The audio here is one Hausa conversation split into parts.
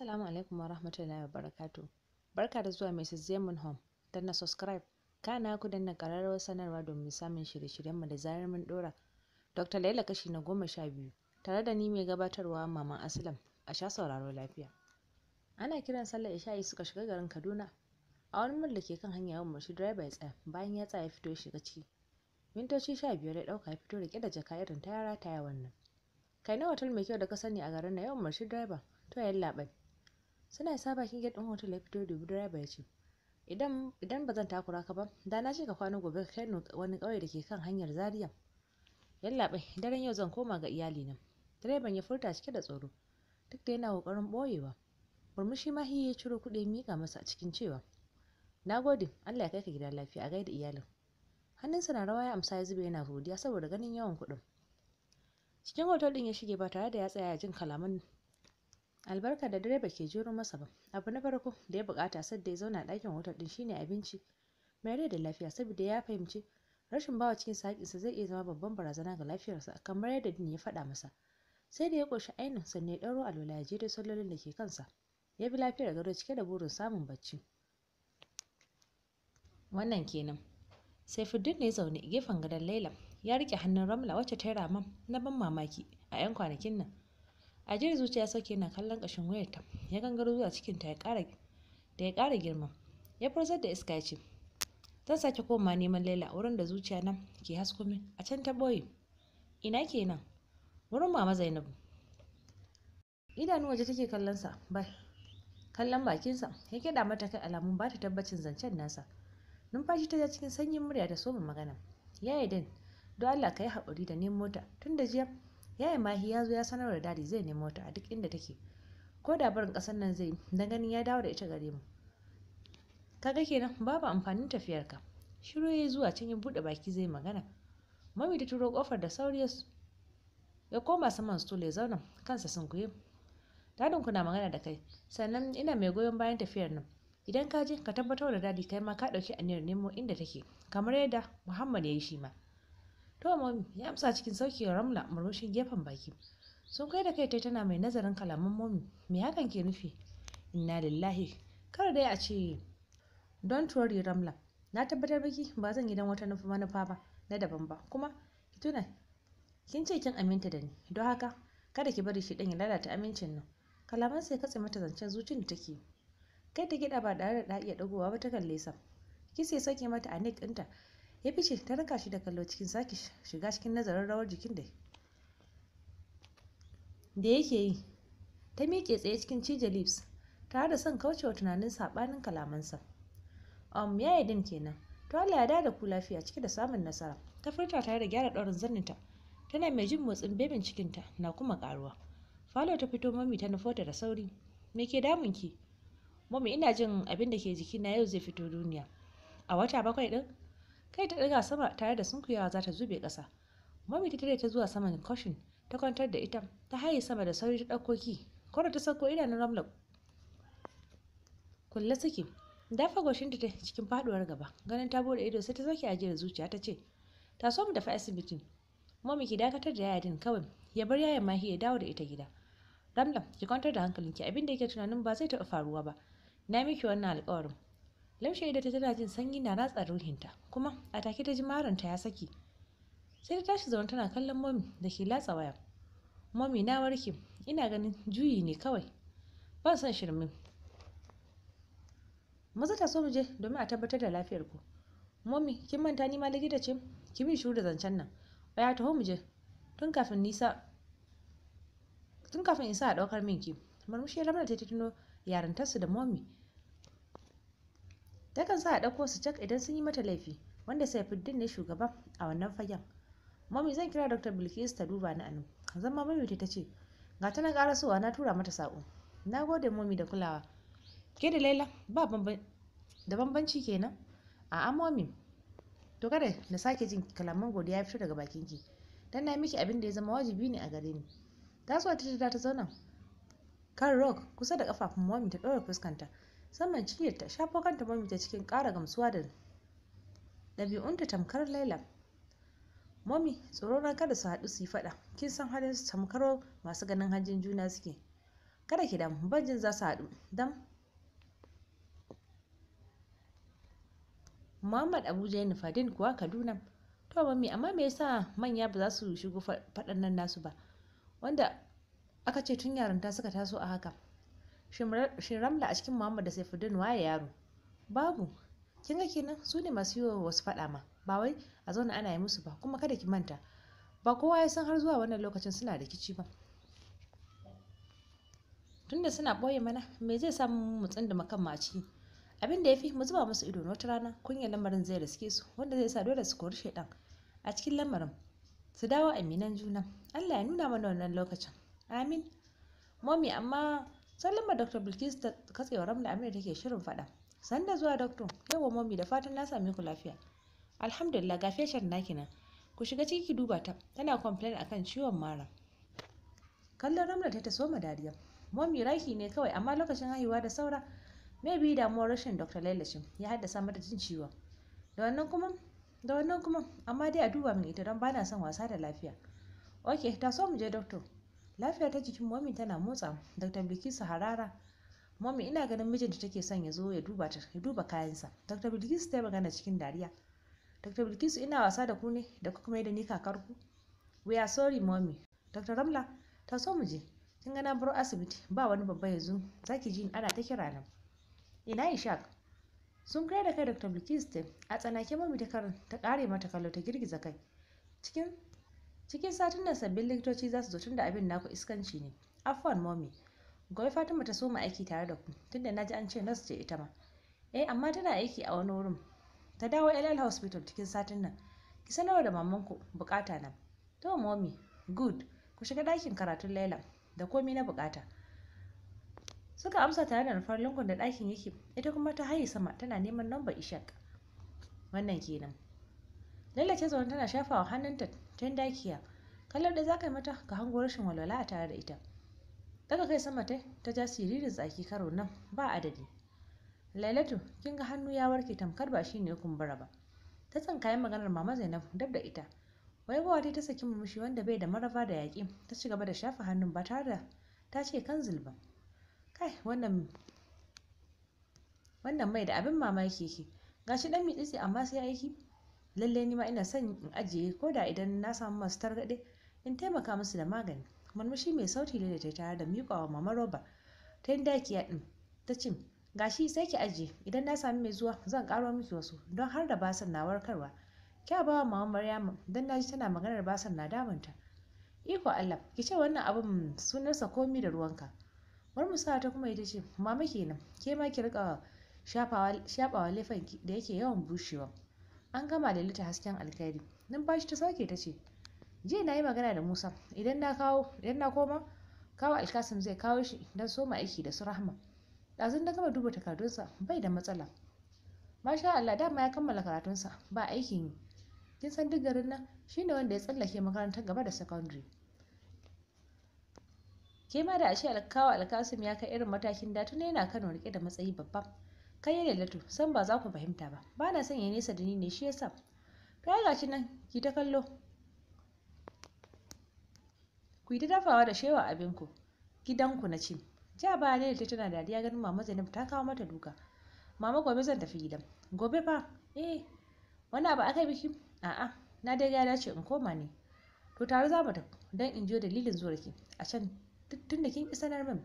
Assalamu alaikum wa rahmatullahi wa barakatu. Barka da zuwa Mrs. Zemun Home. Danna subscribe. Kana ku danna ƙararrawar sanarwa domin samun shirye shiryen mu da zarar mun dora Dr. Laila kashi na goma sha biyu. Tare da ni mai gabatarwa Maman Aslam. A sha sauraro lafiya. Ana kiran sallar isha'i suka shiga garin Kaduna. A wani mall ke kan hanya yawan mashi direba ya tsaya bayan ya tsaya ya fito ya shiga ciki. Mintoci sha biyar ya ɗauka ya fito riƙe da jaka irin ta yara ta yawan nan. Kai na hotel mai kyau da ka sani a garin na yawan mashi direba to yallaɓai. suna isa bakin ga din hotel ya fito da direba ya ce idan idan ba zan takura ka ba da na ce ka kwana gobe ka kai wani ƙauye da ke kan hanyar zaria yallaɓai daren yau zan koma ga iyali na direban ya furta cike da tsoro duk da yana ƙoƙarin ɓoyewa murmushi ma hi ya ciro kuɗi miƙa masa a cikin cewa na gode allah ya kai ka gida lafiya a gaida iyalin hannunsa na rawa ya amsa ya zube yana godiya saboda ganin yawan kuɗin cikin hotel ɗin ya shige ba tare da ya tsaya jin kalaman albarka da direba ke jero masa ba abu na farko da ya bukata da ya zauna a ɗakin hotel din shine abinci mai rai da lafiya saboda ya fahimci rashin bawa cikin sa zai iya zama babban barazana ga lafiyarsa kamar yadda din ya faɗa masa sai da ya ƙunshi ainin sannan ya ɗauro alwala ya da sallolin da ke kansa ya bi lafiyar gado cike da burin samun bacci wannan kenan sai saifuddin ne zaune gefen gadon laila ya rike hannun ramla wacce ta yi raman na ban mamaki a 'yan kwanakin nan ajiyar zuciya sauke yana kallon ƙashin wayarta ya gangaro zuwa cikin ta ya kara da ya ƙara girma ya furzar da iska ya ce zan sake koma neman laila a wurin da zuciya nan ke hasko a can ta boye ina ke nan wurin mama zainabu idanu waje take kallon sa ba kallon bakinsa ya kiɗa mata kai alamun ba ta tabbacin zancen nasa numfashi ta ja cikin sanyin murya ta soma magana ya yi din don allah ka yi haƙuri da nemo ta tun da jiya yaya mahi ya zo ya sanar da dadi zai nemo ta a duk inda take ko da barin kasar nan zai yi, dan ganin ya dawo da ita gare mu kaga kenan babu amfanin tafiyar ka shiru yayi zuwa can ya buɗe baki zai magana mami ta turo kofar da sauri ya koma saman stool ya zauna kansa sunkuye dadin ku na magana da kai sannan ina mai goyon bayan tafiyar nan idan ka je ka tabbatar da dadi kai ma ka ɗauki aniyar nemo inda take kamar yadda muhammad ya yi shi to mami ya amsa cikin sauki ga ramla murmushin gefen baki sun kai da kai ta tana mai nazarin kalaman Momi, me hakan ke nufi inna lillahi kar dai a ce don worry ramla na tabbatar baki ba zan yi dan wata manufa ba na daban ba kuma ki tuna kin ce kin aminta da ni don haka kada ki bari shi ɗan ya lalata amincin nan kalaman sai katse mata zancen zuciyar da take kai ta gida ba tare da da iya dagowa ba ta kalle sa sai sake mata a nek ɗinta ya fice ta raka shi da kallo cikin sake shiga cikin nazarin rawar jikin da da yake yi ta miƙe tsaye cikin cije lips tare da son kaucewa tunanin saɓanin kalamansa um ya din kenan to Allah ya da ku lafiya cike da samun nasara ta furta tare da gyara ɗaurin zanninta tana mai jin motsin bebin cikinta na kuma ƙaruwa falo ta fito mami ta nufo da sauri me ke damun ki mami ina jin abin da ke jikina yau zai fito duniya a wata bakwai ɗin kai ta ɗaga sama tare da sunkuyawa za ta zube ƙasa mami ta tare ta zuwa saman koshin ta kwantar da ita ta haye sama da sauri ta ɗauko ki ta sauko idanun ramla kulle suke dafa Goshin ta cikin faduwar gaba ganin ta bude ido sai ta sauke ajiyar zuciya ta ce ta so mu dafa asibitin mami ki dakatar da yayin kawai ya bar yayan mahi ya dawo da ita gida ramla ki kwantar da hankalinki abin da yake tunanin ba zai taɓa faruwa ba na miki wannan alƙawarin laushe da ta tana jin sanyi na ratsa ruhinta kuma a take ta ji maranta ya saki sai ta tashi zaune tana kallon momi da ke latsa waya momi na warke ina ganin juyi ne kawai ban son shirmin maza ta so mu je domin a tabbatar da lafiyar ku momi kin manta ni ma likita ce ki bi shiru da zancen nan baya taho mu je tun kafin nisa tun kafin isa a ɗaukar minki murmushi ya lamar ta tuno yarintarsu da momi takan sa a ɗauko su cak idan sun yi mata laifi wanda sai fi ne shugaban a wannan fagen mami zan kira dr bilkis ta duba ni anu ma mami ta ce ga ta na karasowa na tura mata saƙo na gode mami da kulawa ke da laila ba da bambanci kenan a'a mami to kada na sake jin kalaman godiya ya fito daga bakin ki dan na miki abin da ya zama wajibi ne a gare ni Ta so ta ta zauna kan rock kusa da kafafun mami ta ɗora fuskanta saman cikin ta shafo kanta mami ta cikin ƙara gamsuwa da ɗabi'unta tamkar laila mami tsoron kada su haɗu su yi faɗa kin san halin su tamkar masu ganin hanjin juna suke kada ki damu banjin za su haɗu dan Muhammad Abuja ya nufadin kuwa Kaduna to mami amma me yasa manya ba za su shigo faɗan nan nasu ba wanda aka ce tun yarinta suka taso a haka shin ramla a cikin muhammad da saifuddin waye yaro babu kin ga kenan su ne masu yi wasu faɗa ma ba wai a zauna ana yi musu ba kuma kada ki manta ba kowa ya san har zuwa wannan lokacin suna rikici ba tunda suna ɓoye mana me zai sa mu ma kanmu ma ciki abin da ya fi mu zuba musu ido wata rana kunya lamarin zai riske su wanda zai sa dole su kori shaidan a cikin lamarin su dawo aminan juna allah ya nuna mana wannan lokacin amin momi amma ma dr bilkis ta katsewa ramla da ke shirin faɗa sanda zuwa doctor yawa mami da fatan na same ku lafiya alhamdulillah ga feshar naki nan ku shiga ciki ki duba ta tana complain akan ciwon mara kallon ramla ta ta soma dariya mami raki ne kawai amma lokacin haihuwa da saura mai bi damuwar rashin dr lailashin ya haddasa mata jin ciwon da wannan kuma da wannan kuma amma dai a duba min ita don bana son wasa da lafiya ok ta so mu je doctor Lafiya ta jikin momi tana motsa dr bilkisu harara momi ina ganin mijinta take son ya zo ya duba ta ya duba kayansa dr bilkisu ta yi magana cikin dariya dr bilkisu ina wasa da ku ne da kuma yi da ni kakar ku we are sorry mommy dr ramla ta so mu je kin ga na bar asibiti ba wani babba yanzu zaki ji ana ta kira nan ina ishaq sun kai da kai dr bilkisu a tsanake mami ta kare mata kallo ta girgiza kai cikin cikin satin nan sabbin likitoci za su zo tun da abin naku iskanci ne afwan mommy gobe fatima ta soma aiki tare da ku tunda na ji an ce nurse ce ita ma eh amma tana aiki a wani wurin ta dawo ll hospital cikin satin nan ki sanarwa da ku bukata na to mommy good ku shiga ɗakin karatun laila da komi na bukata suka amsa tare da nufar lungun da ɗakin yake ita kuma ta haye sama tana neman lambar ishak wannan kenan Lallace zaune tana shafawa hannunta dakiya kallon da za ka yi mata ka hango rashin walwala a tare da ita daga kai sama ta ta ja siririn tsaki karo nan ba adadi lailatu kin ga hannu ya warke tamkar ba shi ne kumbura ba ta tsinkaye maganar mama zainab dab da ita ba ta ta saki murmushi wanda bai da marafa da yaƙi ta ci gaba da shafa hannun ba tare da ta ce kan zulba kai wannan wannan mai da abin mamaki ke gashi dan mitsi amma sai aiki lallai ni ma ina son in ajiye ko da idan na samu masu targaɗe in taimaka musu da magani murmushi mai sauti ne da ta tare da miƙawa mama roba ta yin dakiya ɗin ta ce gashi sai ki ajiye idan na sami mai zuwa zan ƙaro miki wasu don har da basan na warkarwa kya ba wa mama maryama don na ji tana maganar basan na damunta iko allah ki ce wannan abin sunarsa komi da ruwanka murmusawa ta kuma ita ce mama kenan ke ma ki riƙa shafawa laifin da yake yawan bushewa an gama da lita hasken alkhairi numfashi ta sauke ta ce jiya na yi magana da musa idan na kawo idan na koma kawo alkasim zai kawo shi don soma aiki da su rahma ɗazun na gama duba takardunsa bai da matsala masha allah dama ya kammala karatunsa ba aikin yi kin san duk garin nan shine wanda ya tsallake makarantar gaba da secondary ke ma da ashe kawo alkasim ya kai irin matakin da tun yana kano rike da matsayi babba kai ya lallatu san ba za ku fahimta ba ba na sanya nesa da ni ne shi yasa ta yi gashi nan ki ta kallo ku yi ta dafawa da shewa abinku gidanku na ci ja ba ne ta tana dariya ganin mama zainab ta kawo mata duka mama gobe zan tafi gidan gobe fa eh wani abu aka biki a'a na dai ya dace in koma ne to tare za mu tafi don in jiyo dalilin zuwarki a can tun da kin isa na min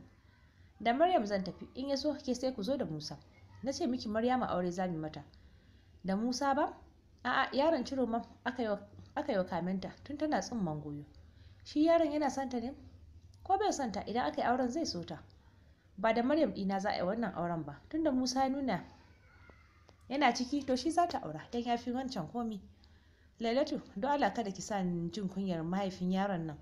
da maryam zan tafi in ya so ke sai ku zo da musa na ce miki maryama aure za mu mata da musa ba a'a yaron ciro ma aka yi wa kaminta tun tana tsumman goyo shi yaron yana santa ne ko bai santa idan aka yi auren zai so ta ba da maryam ɗina za a yi wannan auren ba tunda musa ya nuna yana ciki to shi za ta aura don ya fi wancan komi lailatu don allah kada ki sa ni jin kunyar mahaifin yaron nan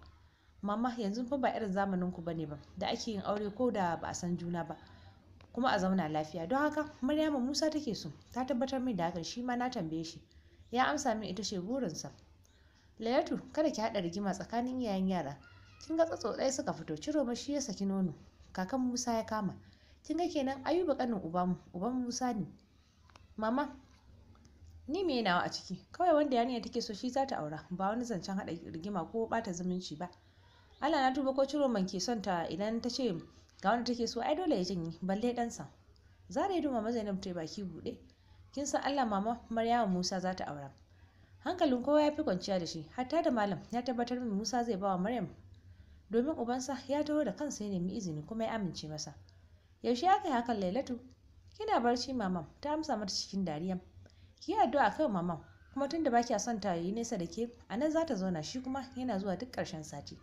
mama yanzu fa ba irin zamanin ku bane ba da ake yin aure ko da ba a san juna ba kuma a zauna lafiya don haka Maryama Musa take so ta tabbatar min da hakan shi ma na tambaye shi ya amsa min ita ce burinsa Layatu kada ki haɗa rigima tsakanin iyayen yara kin ga tsatso ɗaya suka fito ciro ma shi ya saki nono kakan Musa ya kama kin ga kenan Ayuba kanin uban uban Musa ne mama ni me nawa a ciki kawai wanda yarinya take so shi zata aura ba wani zancen haɗa rigima ko ɓata zumunci ba Allah na tuba ko ciro man ke son ta idan ta ce ga wanda take so ai dole ya janye balle ɗansa zara ya duma Zainab ta baki buɗe kin san allah mama Maryamu musa za ta aura hankalin kowa ya fi kwanciya da shi hatta da malam ya tabbatar min musa zai bawa maryam domin ubansa ya taho da kansa ya nemi izini kuma ya amince masa yaushe aka yi hakan lailatu kina barci mamam ta amsa mata cikin dariya ki yi addu'a kan mamam kuma tunda ba kya son ta yi nesa da ke a nan za ta zauna shi kuma yana zuwa duk ƙarshen sati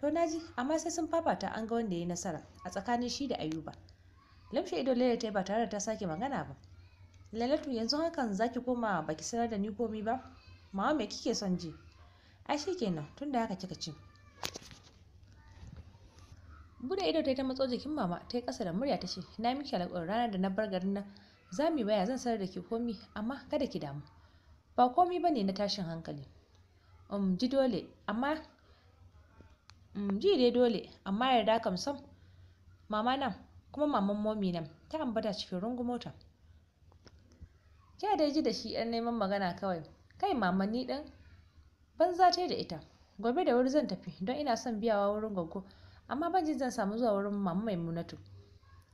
to na ji, amma sai sun fafata an ga wanda ya yi nasara a tsakanin shi da ayuba lamshe ido lele ta ba tare da ta sake magana ba lalatu yanzu hakan ki koma ba ki sanar da ni komi ba mama me kike son ji ai kenan tunda haka kika ce bude ido ta ta matso jikin mama ta yi kasa da murya ta ce na miki alƙawarin ranar da na bar garin nan za mu baya zan sanar da ki komi amma kada ki damu ba komi ba ne na tashin hankali um ji dole amma Mm, ji dai dole amma yarda kam sam mama nan kuma maman momi nan ta ambata cikin mota. ya dai ji da shi yan neman magana kawai kai mama ni din banza ta da ita gobe da wuri zan tafi don ina son biyawa wurin goggo amma ban ji zan samu zuwa wurin mama maimunatu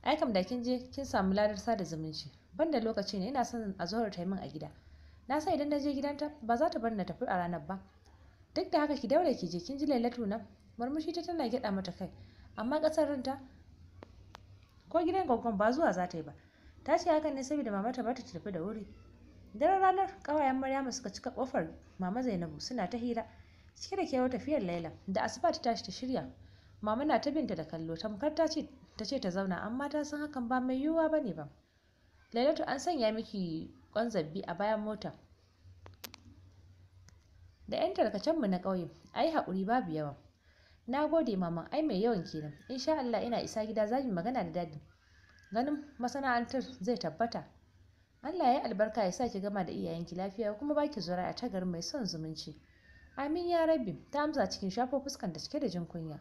ai kam da kin je kin samu ladar da zumunci ban da lokaci ne ina son a zuwa ta min a gida na san idan na je gidanta ba za ta bar na tafi a ranar ba duk da haka ki daure ki je kin ji lailatu na. murmushi ta tana gyaɗa mata kai amma ƙasar ta ko gidan gwaggon ba zuwa za ta yi ba ta ce hakan ne saboda mamata ba ta tafi da wuri daren ranar ƙawayen maryama suka cika kofar mama zainabu suna ta hira cike da kewa tafiyar laila da asuba ta tashi ta shirya mama na ta binta da kallo tamkar ta ce ta ce ta zauna amma ta san hakan ba mai yiwuwa ba ne ba lailatu an sanya miki ƙwanzabbi a bayan mota da 'yan mu na ƙauye a yi haƙuri babu yawa na gode mama ai mai yawan kenan insha Allah ina isa gida za mu magana da dadi ganin masana'antar zai tabbata Allah ya albarka ya sa gama da iyayenki lafiya kuma baki zuri'a ta garin mai son zumunci amin ya rabbi ta amsa cikin shafo fuskan da cike da jin kunya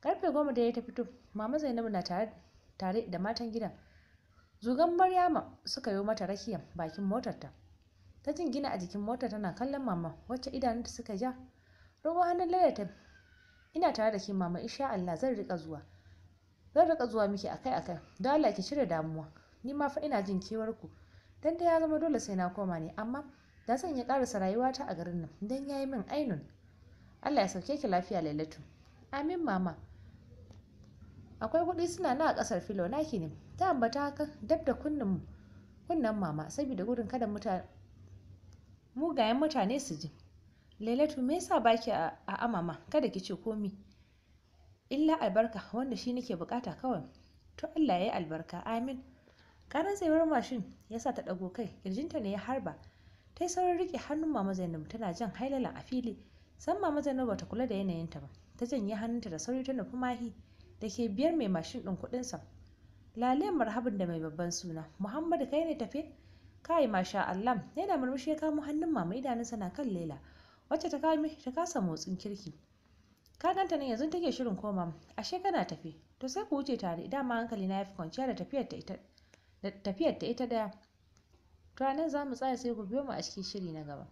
karfe goma da ya ta fito mama zainabu na tare, tare da matan gida zugan maryama suka yi mata rakiya bakin motarta ta jingina a jikin motar tana kallon mama wacce idanunta suka ja ruwan hannun lalata ina tare da ke mama insha Allah zan rika zuwa zan rika zuwa miki akai akai don Allah ki cire damuwa ni ma fa ina jin kewar ku dan da ya zama dole sai na koma ne amma da zan ya karasa rayuwata a garin nan dan yayi min ainun Allah ya sauke ki lafiya Lailatu amin mama akwai kuɗi suna na a ƙasar filo naki ne ta ambata haka dab da kunnen kunnen mama saboda gudun kada mutane mugayen mutane su ji lailatu me yasa baki a amama kada ki ce komi illa albarka wanda shi nake bukata kawai to Allah ya yi albarka amin karan tsayuwar mashin ya sa ta ɗago kai kirjinta ne ya harba ta yi saurin riƙe hannun mama zainab tana jan hailalan a fili san mama zainabu bata kula da ta ba ta janye hannunta da sauri ta nufi mahi da ke biyar mai mashin ɗin kuɗin sa lale marhabin da mai babban suna muhammadu kai ne tafe kai masha allah yana murmushi ya kamo hannun mama idanunsa na kan lela wacce ta kame ta kasa motsin kirki ka ganta nan yanzu take shirin koma ashe kana tafi to sai ku wuce tare dama hankali na yafi kwanciya da tafiyar ta ita da tafiyar ta ita daya to anan za mu tsaya sai ku biyo mu a cikin shiri na gaba